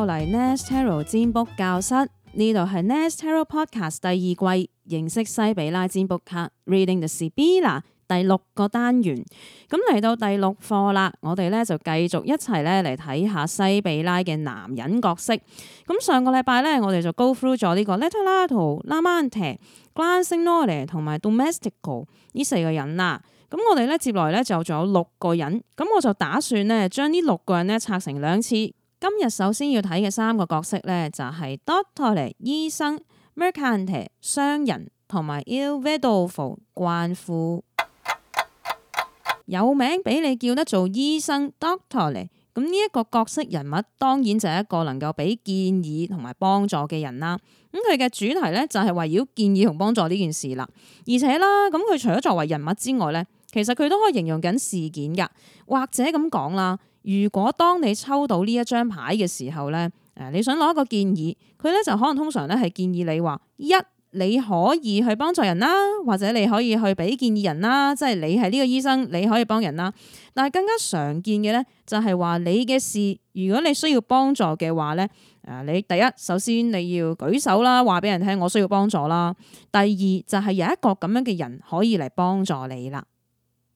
過嚟 Nestero 占卜教室呢度係 Nestero Podcast 第二季認識西比拉占卜卡 Reading the C B 啦第六個單元咁嚟到第六課啦，我哋咧就繼續一齊咧嚟睇下西比拉嘅男人角色。咁上個禮拜咧，我哋就 Go through 咗呢個 Letterato、Lamante、Glanzinola 同埋 Domestico 呢四個人啦。咁我哋咧接來咧就仲有六個人，咁我就打算咧將呢六個人咧拆成兩次。今日首先要睇嘅三個角色咧，就係、是、Doctor 嚟醫生、Mercant 嘅商人同埋 Ilvedovle 寡婦。O, 有名俾你叫得做醫生 Doctor 咁呢、嗯、一、這個角色人物當然就係一個能夠俾建議同埋幫助嘅人啦。咁佢嘅主題咧就係圍繞建議同幫助呢件事啦。而且啦，咁、嗯、佢除咗作為人物之外咧，其實佢都可以形容緊事件噶，或者咁講啦。如果當你抽到呢一張牌嘅時候咧，誒你想攞一個建議，佢咧就可能通常咧係建議你話一你可以去幫助人啦，或者你可以去俾建議人啦，即係你係呢個醫生，你可以幫人啦。但係更加常見嘅咧就係話你嘅事，如果你需要幫助嘅話咧，誒你第一首先你要舉手啦，話俾人聽我需要幫助啦。第二就係有一個咁樣嘅人可以嚟幫助你啦。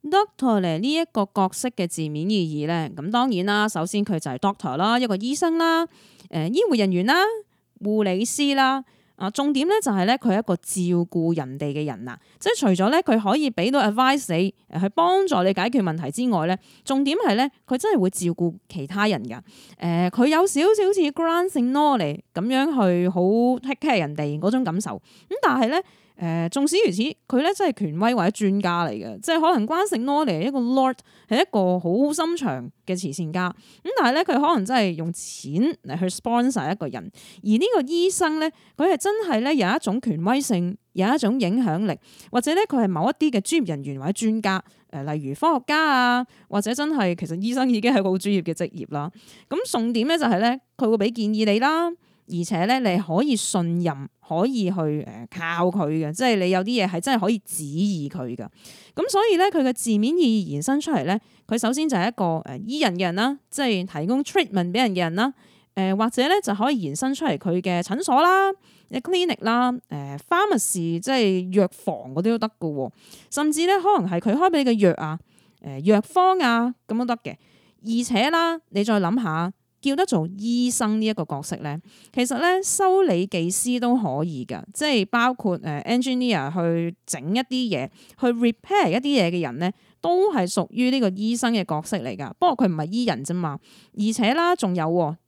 Doctor 嚟呢一個角色嘅字面意義咧，咁當然啦，首先佢就係 doctor 啦，一個醫生啦，誒、呃、醫護人員啦，護理師啦。啊、呃，重點咧就係咧，佢係一個照顧人哋嘅人啊，即係除咗咧佢可以俾到 advice 你，去、呃、幫助你解決問題之外咧，重點係咧，佢真係會照顧其他人噶。誒、呃，佢有少少似 grace and glory 咁樣去好 take care 人哋嗰種感受。咁但係咧。誒，縱使、呃、如此，佢咧真係權威或者專家嚟嘅，即係可能關聖窩嚟一個 Lord 係一個好心腸嘅慈善家。咁但係咧，佢可能真係用錢嚟去 sponsor 一個人。而呢個醫生咧，佢係真係咧有一種權威性，有一種影響力，或者咧佢係某一啲嘅專業人員或者專家。誒、呃，例如科學家啊，或者真係其實醫生已經係好專業嘅職業啦。咁重點咧就係咧，佢會俾建議你啦。而且咧，你可以信任、可以去誒靠佢嘅，即係你有啲嘢係真係可以指意佢嘅。咁所以咧，佢嘅字面意義延伸出嚟咧，佢首先就係一個誒、呃、醫人嘅人啦，即係提供 Treatment 俾人嘅人啦。誒、呃、或者咧，就可以延伸出嚟佢嘅診所啦、嘅 Clinic 啦、誒 Pharmacy 即係藥房嗰啲都得嘅。甚至咧，可能係佢開俾你嘅藥、呃、啊、誒藥方啊咁都得嘅。而且啦，你再諗下。叫得做醫生呢一個角色咧，其實咧，修理技師都可以㗎，即係包括誒 engineer 去整一啲嘢，去 repair 一啲嘢嘅人咧，都係屬於呢個醫生嘅角色嚟噶。不過佢唔係醫人啫嘛，而且啦，仲有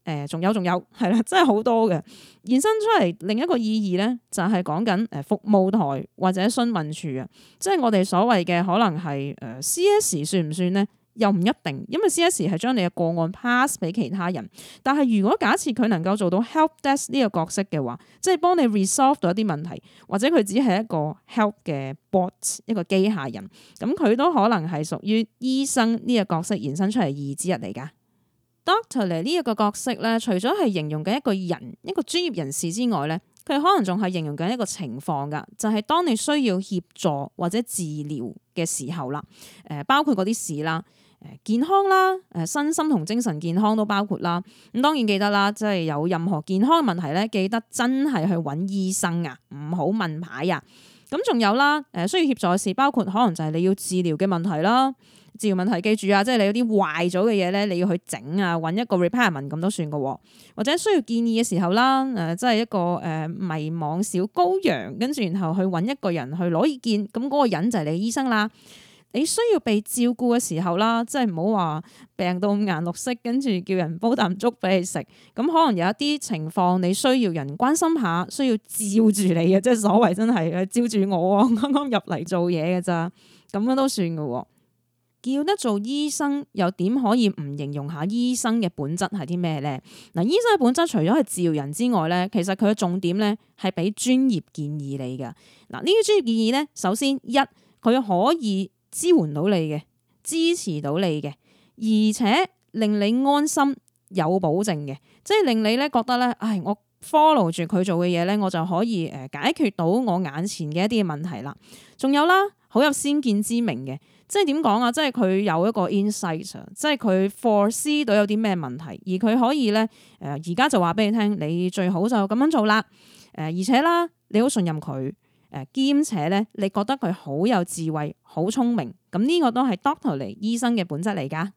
誒，仲有仲有，係啦，真係好多嘅延伸出嚟另一個意義咧，就係講緊誒服務台或者詢問處啊，即係我哋所謂嘅可能係誒 CS 算唔算咧？又唔一定，因為 C.S. 係將你嘅個案 pass 俾其他人。但係如果假設佢能夠做到 help desk 呢個角色嘅話，即係幫你 resolve 到一啲問題，或者佢只係一個 help 嘅 bot，一個機械人，咁佢都可能係屬於醫生呢個角色延伸出嚟意義之一嚟噶。Doctor 嚟呢一個角色咧，除咗係形容緊一個人一個專業人士之外咧，佢可能仲係形容緊一個情況噶，就係、是、當你需要協助或者治療嘅時候啦。誒，包括嗰啲事啦。健康啦，誒，身心同精神健康都包括啦。咁當然記得啦，即係有任何健康問題咧，記得真係去揾醫生啊，唔好問牌啊。咁仲有啦，誒，需要協助嘅事包括可能就係你要治療嘅問題啦。治療問題記住啊，即係你有啲壞咗嘅嘢咧，你要去整啊，揾一個 repairment 咁都算噶。或者需要建議嘅時候啦，誒，即係一個誒迷惘小羔羊，跟住然後去揾一個人去攞意見，咁、那、嗰個人就係你醫生啦。你需要被照顧嘅時候啦，即係唔好話病到五顏六色，跟住叫人煲啖粥俾你食。咁可能有一啲情況，你需要人關心下，需要照住你嘅，即係所謂真係照住我。啱啱入嚟做嘢嘅咋，咁樣都算嘅。叫得做醫生，又點可以唔形容下醫生嘅本質係啲咩咧？嗱，醫生嘅本質除咗係治療人之外咧，其實佢嘅重點咧係俾專業建議你嘅。嗱，呢啲專業建議咧，首先一佢可以。支援到你嘅，支持到你嘅，而且令你安心有保證嘅，即係令你咧覺得咧，唉，我 follow 住佢做嘅嘢咧，我就可以誒解決到我眼前嘅一啲嘅問題啦。仲有啦，好有先見之明嘅，即係點講啊？即係佢有一個 insight，即係佢 foresee 到有啲咩問題，而佢可以咧誒，而家就話俾你聽，你最好就咁樣做啦。誒、呃，而且啦，你好信任佢。兼且咧，你覺得佢好有智慧，好聰明，咁呢個都係 doctor 嚟醫生嘅本質嚟噶。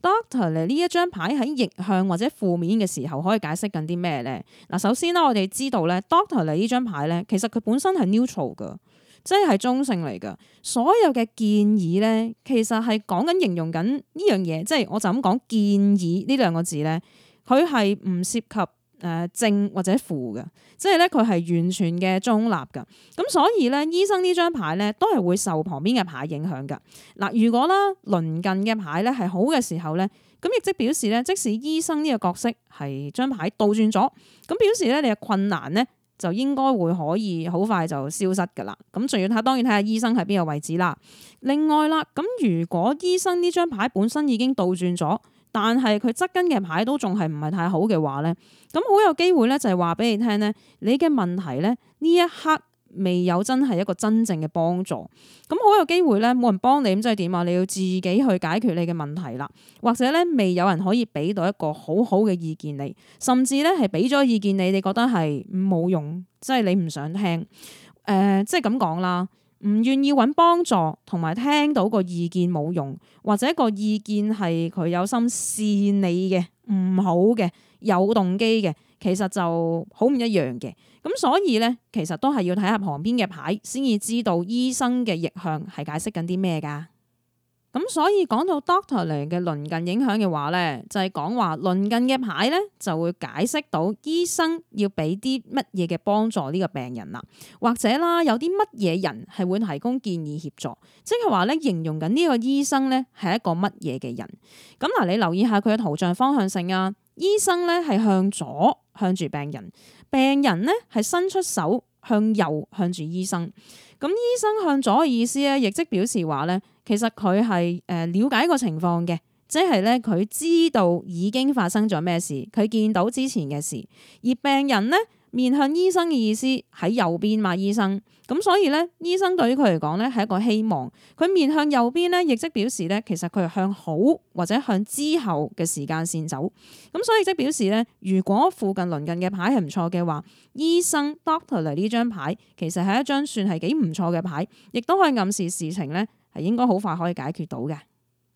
doctor 嚟呢一張牌喺逆向或者負面嘅時候，可以解釋緊啲咩咧？嗱，首先啦，我哋知道咧，doctor 嚟呢張牌咧，其實佢本身係 neutral 噶，即係係中性嚟噶。所有嘅建議咧，其實係講緊形容緊呢樣嘢，即係我就咁講建議呢兩個字咧，佢係唔涉及。誒、呃、正或者負嘅，即係咧佢係完全嘅中立㗎，咁所以咧醫生呢張牌咧都係會受旁邊嘅牌影響㗎。嗱，如果啦鄰近嘅牌咧係好嘅時候咧，咁亦即表示咧，即使醫生呢個角色係張牌倒轉咗，咁表示咧你嘅困難咧就應該會可以好快就消失㗎啦。咁仲要睇，當然睇下醫生喺邊個位置啦。另外啦，咁如果醫生呢張牌本身已經倒轉咗。但係佢側根嘅牌都仲係唔係太好嘅話咧，咁好有機會咧就係話俾你聽咧，你嘅問題咧呢一刻未有真係一個真正嘅幫助，咁好有機會咧冇人幫你，咁即係點啊？你要自己去解決你嘅問題啦，或者咧未有人可以俾到一個好好嘅意見你，甚至咧係俾咗意見你，你覺得係冇用，即係你唔想聽，誒，即係咁講啦。唔願意揾幫助，同埋聽到個意見冇用，或者個意見係佢有心試你嘅，唔好嘅，有動機嘅，其實就好唔一樣嘅。咁所以咧，其實都係要睇下旁邊嘅牌，先至知道醫生嘅逆向係解釋緊啲咩㗎。咁所以講到 doctor 嚟嘅鄰近影響嘅話咧，就係講話鄰近嘅牌咧就會解釋到醫生要俾啲乜嘢嘅幫助呢個病人啦，或者啦有啲乜嘢人係會提供建議協助，即係話咧，形容緊呢個醫生咧係一個乜嘢嘅人。咁嗱，你留意下佢嘅圖像方向性啊，醫生咧係向左向住病人，病人咧係伸出手向右向住醫生。咁醫生向左嘅意思咧，亦即表示話咧。其實佢係誒瞭解個情況嘅，即係咧佢知道已經發生咗咩事，佢見到之前嘅事。而病人咧面向醫生嘅意思喺右邊嘛，醫生，咁所以咧醫生對於佢嚟講咧係一個希望。佢面向右邊咧，亦即表示咧其實佢係向好或者向之後嘅時間線走。咁所以即表示咧，如果附近鄰近嘅牌係唔錯嘅話，醫生 doctor 嚟呢張牌其實係一張算係幾唔錯嘅牌，亦都可以暗示事情咧。係應該好快可以解決到嘅。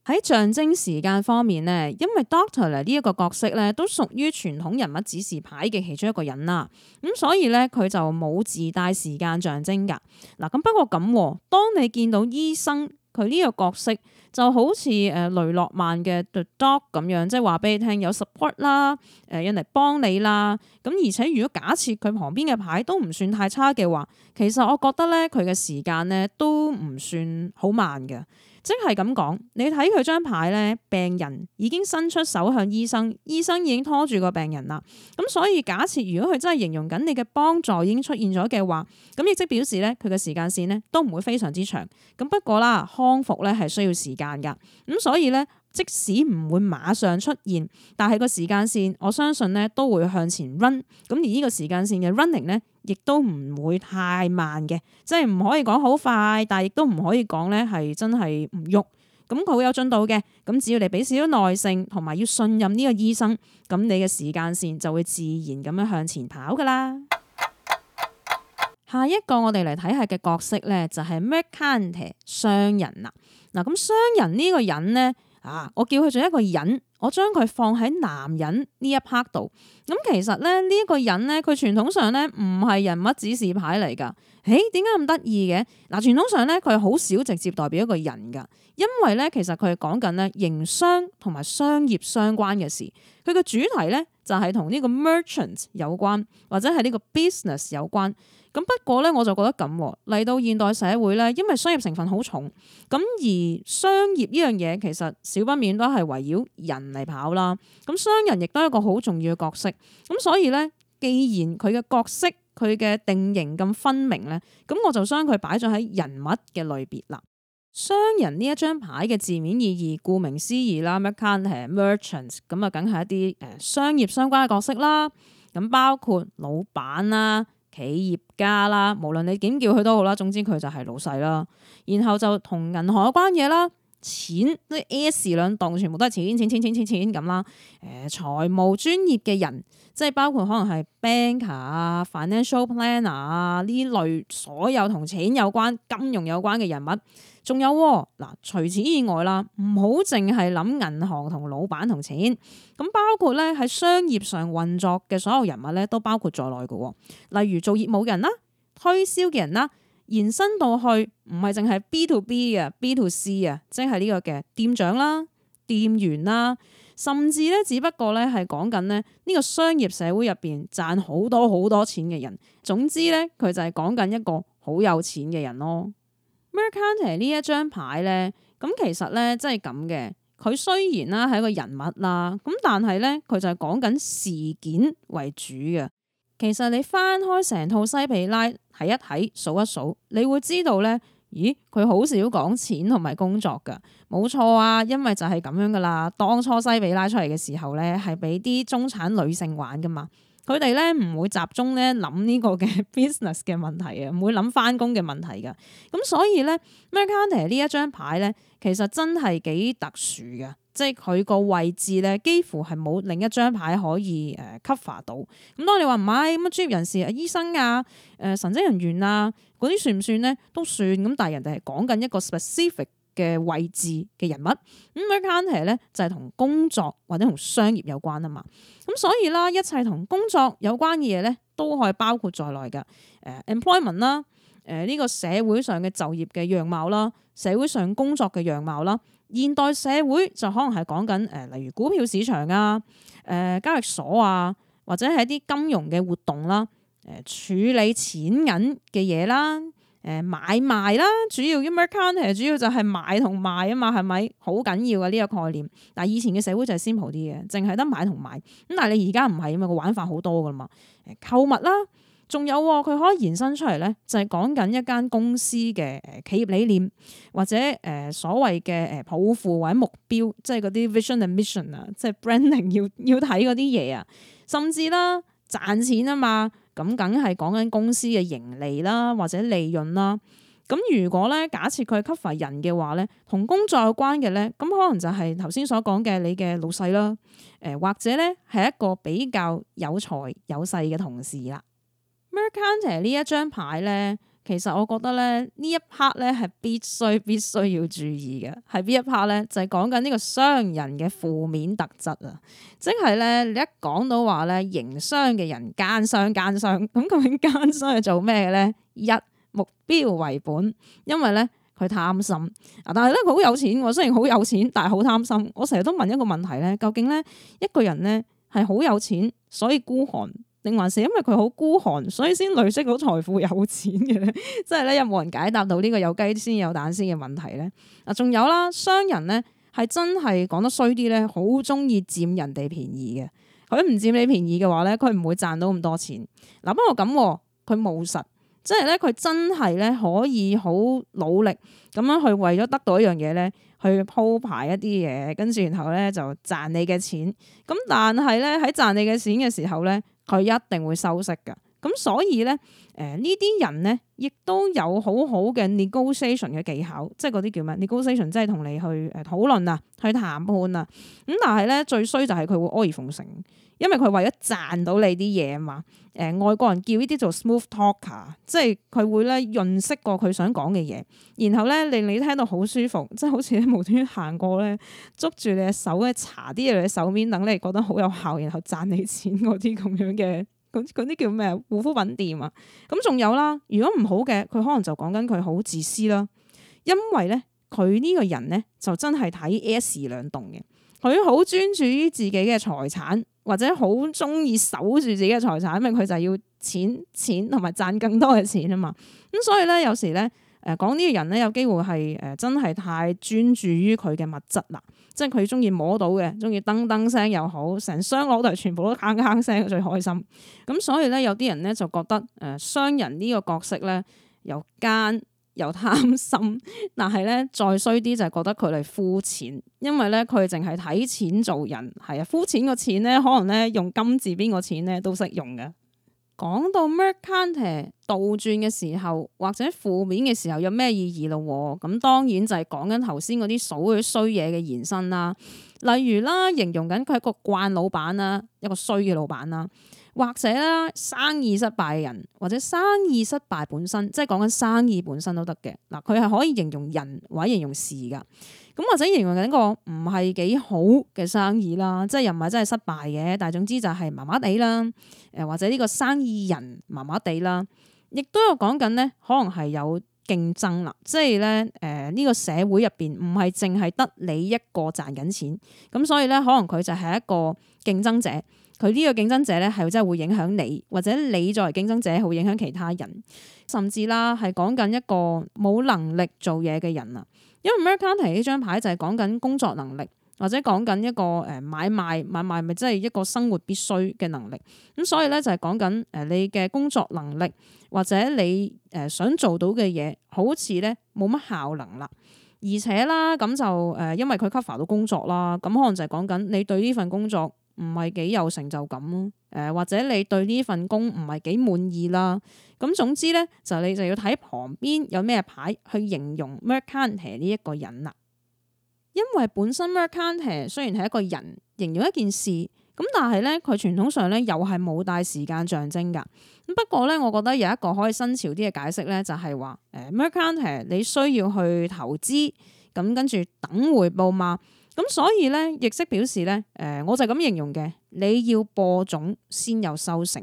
喺象徵時間方面呢，因為 Doctor 嚟呢一個角色呢，都屬於傳統人物指示牌嘅其中一個人啦，咁所以呢，佢就冇自帶時間象徵噶。嗱，咁不過咁，當你見到醫生。佢呢個角色就好似誒雷諾曼嘅 The Dog 咁樣，即係話俾你聽有 support 啦，誒人嚟幫你啦。咁而且如果假設佢旁邊嘅牌都唔算太差嘅話，其實我覺得咧佢嘅時間咧都唔算好慢嘅。即係咁講，你睇佢張牌咧，病人已經伸出手向醫生，醫生已經拖住個病人啦。咁所以，假設如果佢真係形容緊你嘅幫助已經出現咗嘅話，咁亦即表示咧，佢嘅時間線咧都唔會非常之長。咁不過啦，康復咧係需要時間㗎。咁所以咧，即使唔會馬上出現，但係個時間線，我相信咧都會向前 run。咁而呢個時間線嘅 running 咧。亦都唔會太慢嘅，即係唔可以講好快，但係亦都唔可以講咧係真係唔喐。咁佢會有進度嘅。咁只要你俾少少耐性，同埋要信任呢個醫生，咁你嘅時間線就會自然咁樣向前跑㗎啦。 下一個我哋嚟睇下嘅角色咧，就係 Mercante 商人啦。嗱，咁商人呢個人咧，啊，我叫佢做一個人。我將佢放喺男人呢一 part 度，咁其實咧呢一個人咧，佢傳統上咧唔係人物指示牌嚟噶。誒、欸，點解咁得意嘅？嗱，傳統上咧佢係好少直接代表一個人噶，因為咧其實佢係講緊咧營商同埋商業相關嘅事，佢個主題咧就係同呢個 merchant 有關，或者係呢個 business 有關。咁不過咧，我就覺得咁嚟到現代社會咧，因為商業成分好重，咁而商業呢樣嘢其實少不免都係圍繞人嚟跑啦。咁商人亦都係一個好重要嘅角色。咁所以咧，既然佢嘅角色佢嘅定型咁分明咧，咁我就將佢擺咗喺人物嘅類別啦。商人呢一張牌嘅字面意義，顧名思義啦，merchant 係 merchants，咁啊梗係一啲誒商業相關嘅角色啦。咁包括老闆啦。企業家啦，無論你點叫佢都好啦，總之佢就係老細啦。然後就同銀行有關嘢啦，錢呢 AS 兩棟全部都係錢錢錢錢錢錢咁啦。誒，財務專業嘅人，即係包括可能係 banker 啊、financial planner 啊呢類所有同錢有關、金融有關嘅人物。仲有嗱，除此以外啦，唔好淨係諗銀行同老闆同錢，咁包括咧喺商業上運作嘅所有人物咧，都包括在內嘅。例如做業務嘅人啦，推銷嘅人啦，延伸到去唔係淨係 B to B 嘅，B to C 啊、這個，即係呢個嘅店長啦、店員啦，甚至咧，只不過咧係講緊咧呢個商業社會入邊賺好多好多錢嘅人。總之咧，佢就係講緊一個好有錢嘅人咯。Mercury 呢一張牌咧，咁其實咧即係咁嘅，佢雖然啦係一個人物啦，咁但係咧佢就係講緊事件為主嘅。其實你翻開成套西比拉睇一睇、數一數，你會知道咧，咦，佢好少講錢同埋工作嘅，冇錯啊，因為就係咁樣噶啦。當初西比拉出嚟嘅時候咧，係俾啲中產女性玩噶嘛。佢哋咧唔會集中咧諗呢個嘅 business 嘅問題啊，唔會諗翻工嘅問題噶。咁所以咧，Mercury 呢 Merc 一張牌咧，其實真係幾特殊嘅，即係佢個位置咧，幾乎係冇另一張牌可以誒 cover 到。咁當你話唔係乜專業人士啊、醫生啊、誒神職人員啊嗰啲算唔算咧？都算。咁但係人哋係講緊一個 specific。嘅位置嘅人物，咁 accounting 咧就係同工作或者同商業有關啊嘛，咁所以啦，一切同工作有關嘅嘢咧，都可以包括在內嘅。誒 employment 啦，誒呢、呃這個社會上嘅就業嘅樣貌啦，社會上工作嘅樣貌啦，現代社會就可能係講緊，誒、呃，例如股票市場啊，誒、呃、交易所啊，或者係一啲金融嘅活動啦，誒、呃、處理錢銀嘅嘢啦。誒買賣啦，主要 Mercantile 主要就係買同賣啊嘛，係咪好緊要嘅呢個概念，但係以前嘅社會就係 simple 啲嘅，淨係得買同賣。咁但係你而家唔係啊嘛，個玩法好多噶嘛。誒購物啦，仲有佢可以延伸出嚟咧，就係、是、講緊一間公司嘅誒企業理念，或者誒所謂嘅誒抱負或者目標，即係嗰啲 vision and mission 啊，即係 branding 要要睇嗰啲嘢啊，甚至啦賺錢啊嘛。咁梗係講緊公司嘅盈利啦，或者利潤啦。咁如果咧，假設佢係 cover 人嘅話咧，同工作有關嘅咧，咁可能就係頭先所講嘅你嘅老細啦，誒、呃、或者咧係一個比較有才有勢嘅同事啦。Merchant 呢一張牌咧。其實我覺得咧呢一 part 咧係必須必須要注意嘅，係邊一 part 咧就係講緊呢個商人嘅負面特質啊！即係咧你一講到話咧營商嘅人奸商奸商，咁究竟奸商係做咩嘅咧？一目標為本，因為咧佢貪心啊！但係咧佢好有錢，雖然好有錢，但係好貪心。我成日都問一個問題咧，究竟咧一個人咧係好有錢，所以孤寒？定還是因為佢好孤寒，所以先累積到財富有錢嘅咧。即係咧，有冇人解答到呢個有雞先有蛋先嘅問題咧？啊，仲有啦，商人咧係真係講得衰啲咧，好中意佔人哋便宜嘅。佢唔佔你便宜嘅話咧，佢唔會賺到咁多錢。嗱，不過咁，佢務實，即係咧，佢真係咧可以好努力咁樣去為咗得到一樣嘢咧，去鋪排一啲嘢，跟住然後咧就賺你嘅錢。咁但係咧喺賺你嘅錢嘅時候咧。佢一定會收息嘅，咁所以咧，誒、呃、呢啲人咧亦都有好好嘅 negotiation 嘅技巧，即係嗰啲叫咩？negotiation 即係同你去誒討論啊，去談判啊，咁但係咧最衰就係佢會阿諛奉承。因為佢為咗賺到你啲嘢啊嘛，誒、呃、外國人叫、er, 呢啲做 Smooth Talker，即係佢會咧潤色過佢想講嘅嘢，然後咧令你聽到好舒服，即係好似咧無端端行過咧，捉住你嘅手咧，搽啲嘢喺手面等你覺得好有效，然後賺你錢嗰啲咁樣嘅，嗰啲叫咩啊？護膚品店啊，咁仲有啦，如果唔好嘅，佢可能就講緊佢好自私啦，因為咧佢呢個人咧就真係睇 S 兩棟嘅，佢好專注於自己嘅財產。或者好中意守住自己嘅財產，因為佢就要錢錢同埋賺更多嘅錢啊嘛。咁所以咧，有時咧，誒、呃、講呢個人咧，有機會係誒、呃、真係太專注於佢嘅物質啦，即係佢中意摸到嘅，中意噔噔聲又好，成箱攞到嚟，全部都坑坑聲最開心。咁所以咧，有啲人咧就覺得誒、呃、商人呢個角色咧又奸。又貪心，但係咧，再衰啲就覺得佢哋膚淺，因為咧佢淨係睇錢做人，係啊，膚淺個錢咧，可能咧用金字邊個錢咧都識用嘅。講到 merchant 倒轉嘅時候，或者負面嘅時候有咩意義咯？咁當然就係講緊頭先嗰啲數嘅衰嘢嘅延伸啦，例如啦，形容緊佢係個慣老闆啦，一個衰嘅老闆啦。或者啦，生意失敗嘅人，或者生意失敗本身，即係講緊生意本身都得嘅。嗱，佢係可以形容人或者形容事㗎。咁或者形容緊個唔係幾好嘅生意啦，即係又唔係真係失敗嘅，但係總之就係麻麻地啦。誒，或者呢個生意人麻麻地啦，亦都有講緊呢，可能係有。競爭啦，即係咧，誒、呃、呢、這個社會入邊唔係淨係得你一個賺緊錢，咁所以咧可能佢就係一個競爭者，佢呢個競爭者咧係真係會影響你，或者你作為競爭者會影響其他人，甚至啦係講緊一個冇能力做嘢嘅人啊，因為 mercury 呢張牌就係講緊工作能力。或者講緊一個誒買賣買賣，咪即係一個生活必須嘅能力。咁所以咧就係講緊誒你嘅工作能力，或者你誒想做到嘅嘢，好似咧冇乜效能啦。而且啦咁就誒，因為佢 cover 到工作啦，咁可能就係講緊你對呢份工作唔係幾有成就感咯。或者你對呢份工唔係幾滿意啦。咁總之咧就你就要睇旁邊有咩牌去形容 Merchant 呢一個人啦。因為本身 Mercante 雖然係一個人形容一件事，咁但係咧佢傳統上咧又係冇帶時間象徵㗎。咁不過咧，我覺得有一個可以新潮啲嘅解釋咧，就係，就、欸、係話誒 Mercante 你需要去投資，咁跟住等回報嘛。咁所以咧，意識表示咧，誒、呃，我就係咁形容嘅。你要播種先有收成，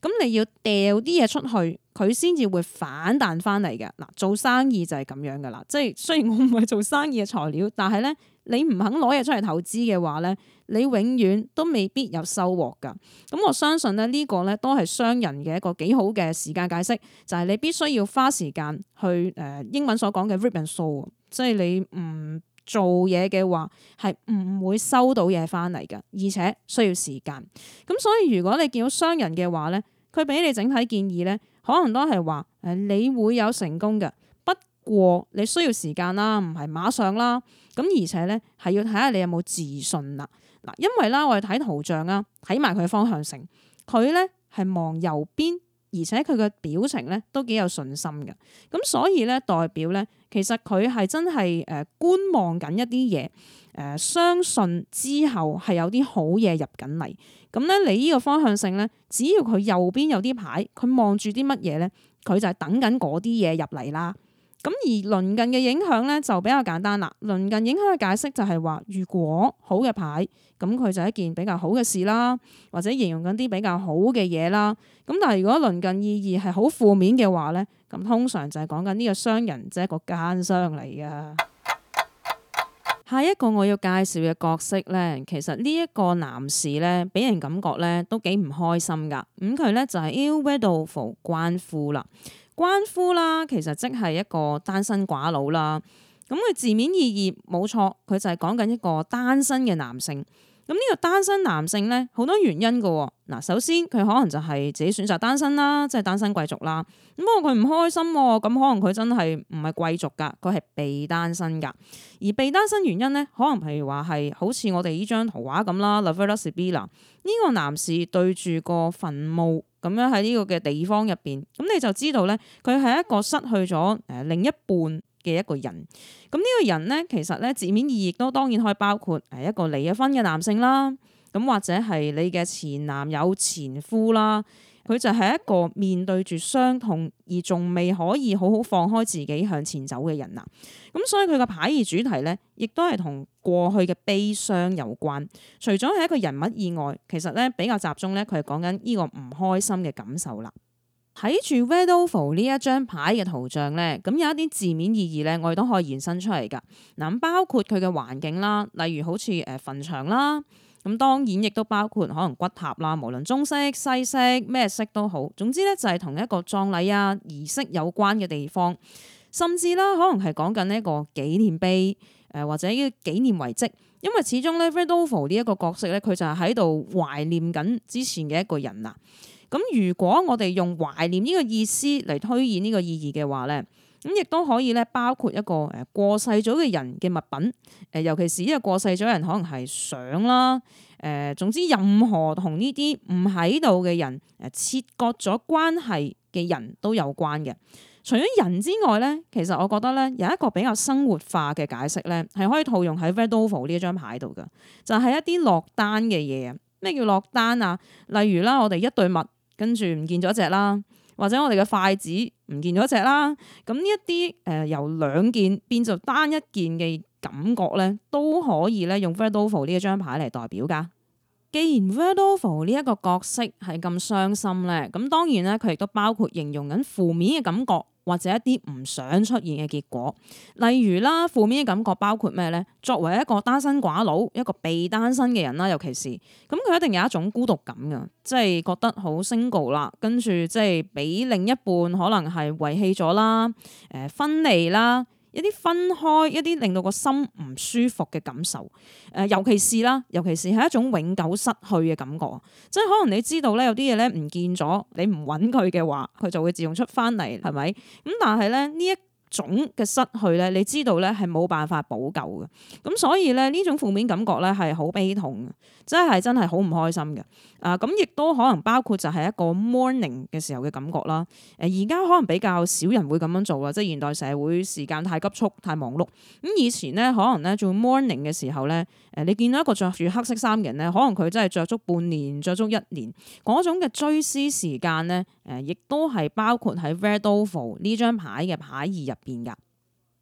咁你要掉啲嘢出去，佢先至會反彈翻嚟嘅。嗱，做生意就係咁樣噶啦。即係雖然我唔係做生意嘅材料，但係咧，你唔肯攞嘢出嚟投資嘅話咧，你永遠都未必有收穫噶。咁我相信咧，這個、呢個咧都係商人嘅一個幾好嘅時間解釋，就係、是、你必須要花時間去誒、呃、英文所講嘅 reap and sow，即係你唔嗯做嘢嘅話係唔會收到嘢返嚟噶，而且需要時間。咁所以如果你見到商人嘅話咧，佢俾你整體建議咧，可能都係話誒你會有成功嘅，不過你需要時間啦，唔係馬上啦。咁而且咧係要睇下你有冇自信啦。嗱，因為啦我哋睇圖像啊，睇埋佢方向性，佢咧係望右邊。而且佢嘅表情咧都幾有信心嘅，咁所以咧代表咧，其實佢係真係誒觀望緊一啲嘢，誒相信之後係有啲好嘢入緊嚟，咁咧你呢個方向性咧，只要佢右邊有啲牌，佢望住啲乜嘢咧，佢就係等緊嗰啲嘢入嚟啦。咁而鄰近嘅影響咧就比較簡單啦。鄰近影響嘅解釋就係話，如果好嘅牌，咁佢就係一件比較好嘅事啦，或者形容緊啲比較好嘅嘢啦。咁但係如果鄰近意義係好負面嘅話咧，咁通常就係講緊呢個商人即係、就是、個奸商嚟噶。 下一個我要介紹嘅角色咧，其實呢一個男士咧，俾人感覺咧都幾唔開心噶。咁佢咧就係、是、Ill Widow 夫關夫啦。關夫啦，其實即係一個單身寡佬啦。咁佢字面意義冇錯，佢就係講緊一個單身嘅男性。咁呢個單身男性咧，好多原因嘅。嗱，首先佢可能就係自己選擇單身啦，即係單身貴族啦。咁不過佢唔開心啊，咁可能佢真係唔係貴族噶，佢係被單身噶。而被單身原因咧，可能譬如話係好似我哋依張圖畫咁啦，Lefers B 啦，呢個男士對住個墳墓。咁樣喺呢個嘅地方入邊，咁你就知道咧，佢係一個失去咗誒另一半嘅一個人。咁、這、呢個人咧，其實咧字面意義亦都當然可以包括誒一個離咗婚嘅男性啦，咁或者係你嘅前男友、前夫啦。佢就係一個面對住傷痛而仲未可以好好放開自己向前走嘅人啊！咁所以佢嘅牌意主題呢，亦都係同過去嘅悲傷有關。除咗係一個人物以外，其實呢比較集中呢，佢係講緊呢個唔開心嘅感受啦。睇住 w e d o v o 呢一張牌嘅圖像呢，咁有一啲字面意義呢，我哋都可以延伸出嚟㗎嗱，包括佢嘅環境啦，例如好似誒墳場啦。咁當然亦都包括可能骨盒啦，無論中式、西式咩式都好，總之咧就係同一個葬禮啊、儀式有關嘅地方，甚至啦可能係講緊呢一個紀念碑，誒或者呢個紀念遺蹟，因為始終咧 r a d o v o 呢一個角色咧，佢就係喺度懷念緊之前嘅一個人啦。咁如果我哋用懷念呢個意思嚟推演呢個意義嘅話咧。咁亦都可以咧，包括一個誒過世咗嘅人嘅物品，誒尤其是一個過世咗人可能係相啦，誒、呃、總之任何同呢啲唔喺度嘅人誒切割咗關係嘅人都有關嘅。除咗人之外咧，其實我覺得咧有一個比較生活化嘅解釋咧，係可以套用喺 Redouble 呢張牌度噶，就係、是、一啲落單嘅嘢啊。咩叫落單啊？例如啦，我哋一對襪跟住唔見咗一隻啦。或者我哋嘅筷子唔見咗隻啦，咁呢一啲誒由兩件變做單一件嘅感覺咧，都可以咧用 Verdolfo 呢一張牌嚟代表噶。既然 Verdolfo 呢一個角色係咁傷心咧，咁當然咧佢亦都包括形容緊負面嘅感覺。或者一啲唔想出現嘅結果，例如啦，負面嘅感覺包括咩咧？作為一個單身寡佬，一個被單身嘅人啦，尤其是咁，佢一定有一種孤獨感㗎，即係覺得好 single 啦，跟住即係俾另一半可能係遺棄咗啦，誒、呃，分離啦。一啲分開，一啲令到個心唔舒服嘅感受，誒、呃，尤其是啦，尤其是係一種永久失去嘅感覺，即係可能你知道咧，有啲嘢咧唔見咗，你唔揾佢嘅話，佢就會自動出翻嚟，係咪？咁但係咧呢一種嘅失去咧，你知道咧係冇辦法補救嘅，咁所以咧呢種負面感覺咧係好悲痛嘅，真係真係好唔開心嘅。啊、呃，咁亦都可能包括就係一個 mourning 嘅時候嘅感覺啦。誒、呃，而家可能比較少人會咁樣做啊，即係現代社會時間太急促、太忙碌。咁、呃、以前咧，可能咧做 mourning 嘅時候咧，誒、呃，你見到一個着住黑色衫嘅人咧，可能佢真係着足半年、着足一年嗰種嘅追思時間咧。誒，亦都係包括喺 redouful 呢張牌嘅牌義入邊噶。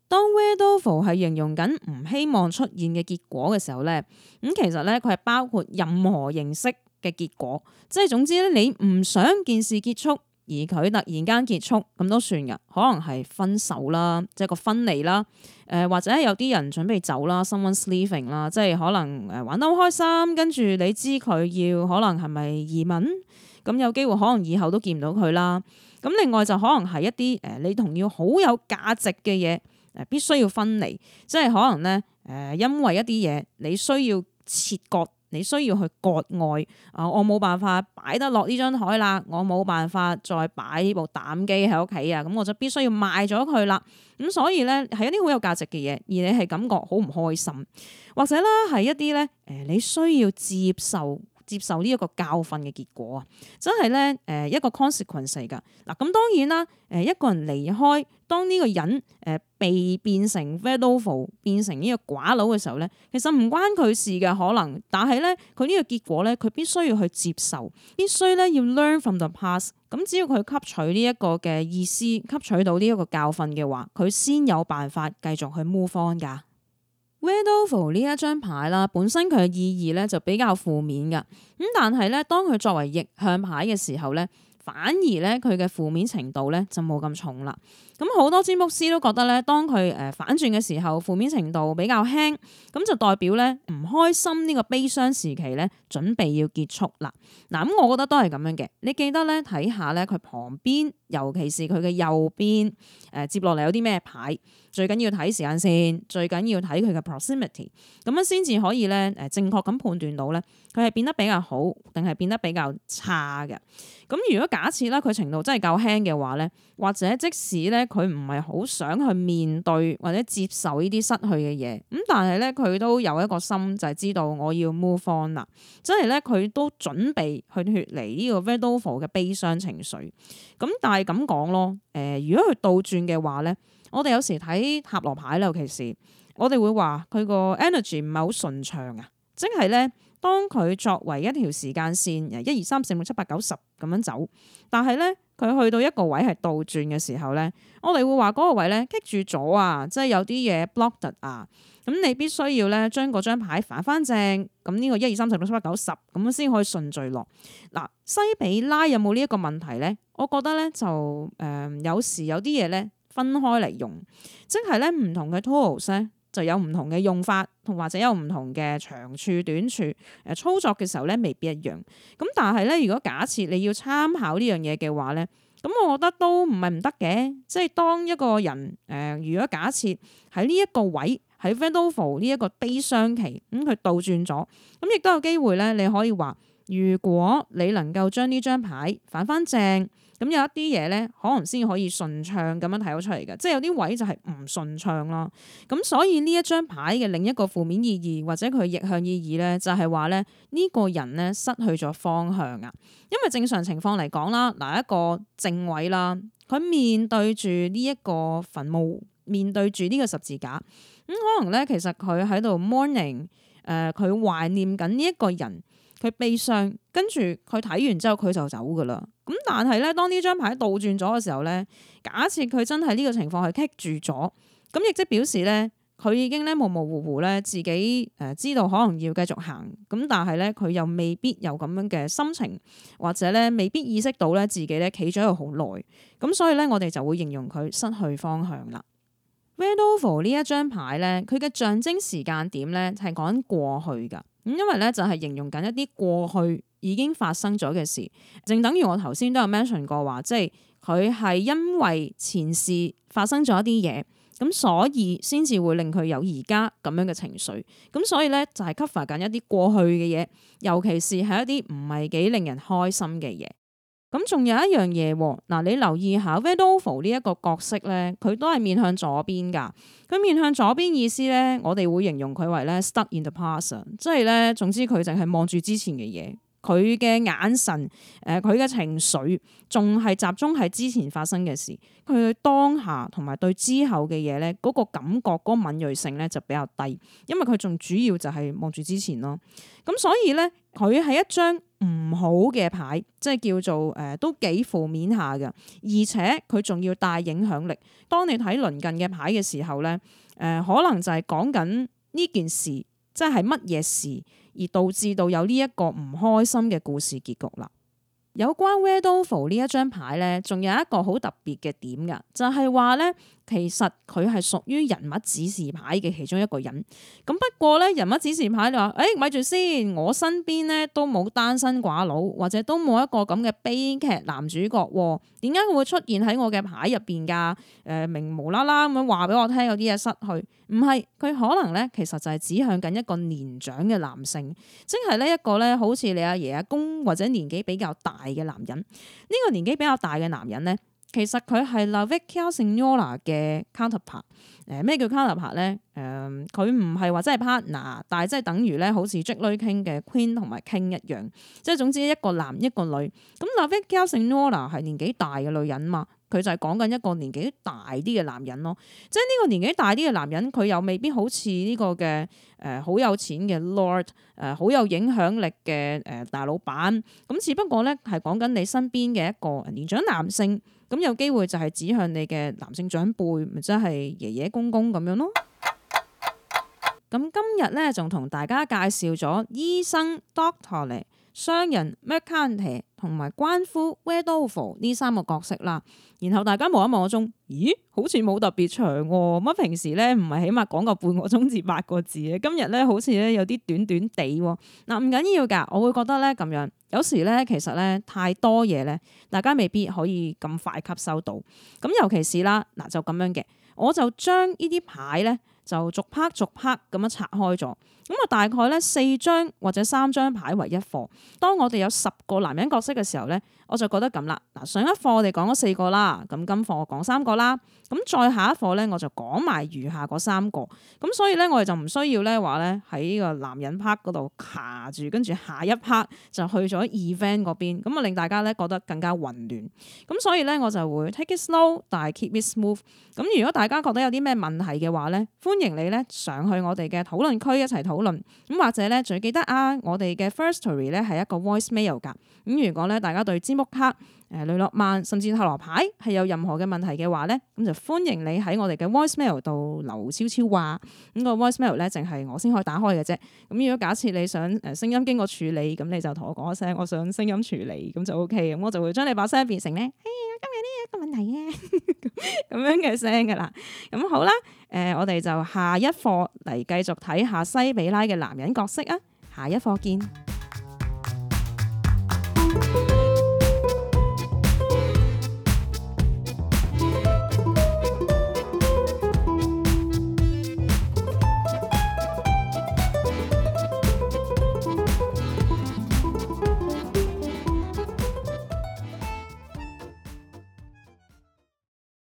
當 redouful 係形容緊唔希望出現嘅結果嘅時候咧，咁、嗯、其實咧佢係包括任何形式嘅結果，即係總之咧你唔想件事結束而佢突然間結束咁都算噶。可能係分手啦，即係個分離啦。誒、呃，或者有啲人準備走啦，someone's leaving 啦，即係可能誒玩得好開心，跟住你知佢要可能係咪移民？咁有機會可能以後都見唔到佢啦。咁另外就可能係一啲誒、呃，你同要好有價值嘅嘢誒，必須要分離。即係可能咧誒、呃，因為一啲嘢你需要切割，你需要去割愛。啊、呃！我冇辦法擺得落呢張台啦，我冇辦法再擺部膽機喺屋企啊，咁、嗯、我就必須要賣咗佢啦。咁、嗯、所以咧係一啲好有價值嘅嘢，而你係感覺好唔開心，或者咧係一啲咧誒，你需要接受。接受呢一個教訓嘅結果啊，真係咧誒一個 consequence 嚟㗎。嗱咁當然啦，誒一個人離開，當呢個人誒被變成 vulnerable，變成呢個寡佬嘅時候咧，其實唔關佢事嘅可能，但係咧佢呢個結果咧，佢必須要去接受，必須咧要 learn from the past。咁只要佢吸取呢一個嘅意思，吸取到呢一個教訓嘅話，佢先有辦法繼續去 move on 㗎。Red Devil 呢一張牌啦，本身佢嘅意義咧就比較負面嘅，咁但係咧當佢作為逆向牌嘅時候咧，反而咧佢嘅負面程度咧就冇咁重啦。咁好多占卜師都覺得咧，當佢誒、呃、反轉嘅時候，負面程度比較輕，咁就代表咧唔開心呢個悲傷時期咧準備要結束啦。嗱、啊、咁，我覺得都係咁樣嘅。你記得咧睇下咧佢旁邊，尤其是佢嘅右邊誒、呃，接落嚟有啲咩牌？最緊要睇時間線，最緊要睇佢嘅 proximity，咁樣先至可以咧誒、呃、正確咁判斷到咧佢係變得比較好，定係變得比較差嘅。咁、啊、如果假設咧佢程度真係夠輕嘅話咧，或者即使咧。佢唔係好想去面對或者接受呢啲失去嘅嘢，咁但係咧佢都有一個心就係、是、知道我要 move on 啦，即係咧佢都準備去脫離呢個 Valdo f o 嘅悲傷情緒，咁但係咁講咯，誒、呃、如果佢倒轉嘅話咧，我哋有時睇塔羅牌啦，其實我哋會話佢個 energy 唔係好順暢啊，即係咧當佢作為一條時間線，一二三四五六七八九十咁樣走，但係咧。佢去到一個位係倒轉嘅時候咧，我哋會話嗰個位咧棘住咗啊！即係有啲嘢 block 特啊，咁你必須要咧將嗰張牌反翻正，咁呢個一二三四五六七八九十咁先可以順序落。嗱，西比拉有冇呢一個問題咧？我覺得咧就誒、呃、有時有啲嘢咧分開嚟用，即係咧唔同嘅 tools 咧就有唔同嘅用法。或者有唔同嘅長處短處，誒操作嘅時候咧未必一樣。咁但係咧，如果假設你要參考呢樣嘢嘅話咧，咁我覺得都唔係唔得嘅。即係當一個人誒、呃，如果假設喺呢一個位喺 Valdoful 呢一個悲傷期，咁、嗯、佢倒轉咗，咁亦都有機會咧，你可以話，如果你能夠將呢張牌反翻正。咁有一啲嘢咧，可能先可以順暢咁樣睇到出嚟嘅，即係有啲位就係唔順暢咯。咁所以呢一張牌嘅另一個負面意義，或者佢逆向意義咧，就係話咧呢、呢個人咧失去咗方向啊。因為正常情況嚟講啦，嗱一個正位啦，佢面對住呢一個墳墓，面對住呢個十字架，咁、嗯、可能咧其實佢喺度 mourning，誒、呃、佢懷念緊呢一個人，佢悲傷，跟住佢睇完之後佢就走噶啦。咁但係咧，當呢張牌倒轉咗嘅時候咧，假設佢真係呢個情況係棘住咗，咁亦即表示咧，佢已經咧模模糊糊咧自己誒知道可能要繼續行，咁但係咧佢又未必有咁樣嘅心情，或者咧未必意識到咧自己咧企咗喺度好耐，咁所以咧我哋就會形容佢失去方向啦。Vadovol 呢一張牌咧，佢嘅象徵時間點咧係講緊過去噶，咁因為咧就係形容緊一啲過去。已經發生咗嘅事，正等於我頭先都有 mention 過話，即係佢係因為前世發生咗一啲嘢，咁所以先至會令佢有而家咁樣嘅情緒。咁所以咧就係 cover 緊一啲過去嘅嘢，尤其是係一啲唔係幾令人開心嘅嘢。咁仲有一樣嘢嗱，你留意下 Vedovol 呢一個角色咧，佢都係面向左邊㗎。佢面向左邊意思咧，我哋會形容佢為咧 stuck in the past，即係咧總之佢淨係望住之前嘅嘢。佢嘅眼神，誒佢嘅情緒，仲係集中喺之前發生嘅事。佢當下同埋對之後嘅嘢咧，嗰個感覺嗰個敏鋭性咧就比較低，因為佢仲主要就係望住之前咯。咁所以咧，佢係一張唔好嘅牌，即係叫做誒都幾負面下嘅，而且佢仲要帶影響力。當你睇鄰近嘅牌嘅時候咧，誒可能就係講緊呢件事，即係乜嘢事。而導致到有呢一個唔開心嘅故事結局啦。有關 Where Do For 呢一張牌呢，仲有一個好特別嘅點㗎，就係、是、話呢。其實佢係屬於人物指示牌嘅其中一個人，咁不過咧，人物指示牌就話，誒，咪住先，我身邊咧都冇單身寡佬，或者都冇一個咁嘅悲劇男主角，點解佢會出現喺我嘅牌入邊噶？誒，明無啦啦咁樣話俾我聽有啲嘢失去，唔係，佢可能咧，其實就係指向緊一個年長嘅男性，即係呢一個咧，好似你阿爺阿公或者年紀比較大嘅男人，呢個年紀比較大嘅男人咧。其實佢係 Lavie Carol Senior 嘅 counterpart，呃。誒，咩叫 counterpart 咧？誒，佢唔係話真係 partner，但係即係等於咧，好似 jig lady King 嘅 queen 同埋 King 一樣。即係總之一個男一個女。咁 Lavie Carol Senior 係年紀大嘅女人嘛，佢就係講緊一個年紀大啲嘅男人咯。即係呢個年紀大啲嘅男人，佢又未必好似呢個嘅誒好有錢嘅 lord，誒、呃、好有影響力嘅誒、呃、大老闆。咁只不過咧，係講緊你身邊嘅一個年長男性。咁有機會就係指向你嘅男性長輩，咪即係爺爺公公咁樣咯。咁 今日呢，仲同大家介紹咗醫生 Doctor 生 商人 m e r c a n t 同埋關乎 w e d o v e 呢三個角色啦，然後大家望一望個鐘，咦，好似冇特別長喎，啊，乜平時咧唔係起碼講個半個鐘至八個字嘅，今日咧好似咧有啲短短地喎，嗱唔緊要㗎，我會覺得咧咁樣，有時咧其實咧太多嘢咧，大家未必可以咁快吸收到，咁尤其是啦，嗱就咁樣嘅，我就將呢啲牌咧就逐拍逐拍 a 咁樣拆開咗。咁啊，大概咧四張或者三張牌為一課，當我哋有十個男人角色嘅時候咧，我就覺得咁啦。嗱，上一課我哋講咗四個啦，咁今課我講三個啦，咁再下一課咧我就講埋餘下嗰三個，咁所以咧我哋就唔需要咧話咧喺呢個男人 part 度卡住，跟住下一 part 就去咗 event 邊，邊，咁啊令大家咧覺得更加混亂，咁所以咧我就會 take it slow，但係 keep it smooth。咁如果大家覺得有啲咩問題嘅話咧，歡迎你咧上去我哋嘅討論區一齊討論。討論咁或者咧，仲記得啊？我哋嘅 Firstory 咧係一個 Voicemail 噶。咁如果咧大家對芝木克、誒、呃、雷諾曼甚至塔羅牌係有任何嘅問題嘅話咧，咁就歡迎你喺我哋嘅 Voicemail 度留悄悄話。咁、個 Voicemail 咧淨係我先可以打開嘅啫。咁如果假設你想誒聲音經過處理，咁你就同我講一聲，我想聲音處理，咁就 O K。咁我就會將你把聲變成咧，誒今日呢一個問題啊，咁樣嘅聲噶啦。咁好啦。呃、我哋就下一課嚟繼續睇下西比拉嘅男人角色啊，下一課見。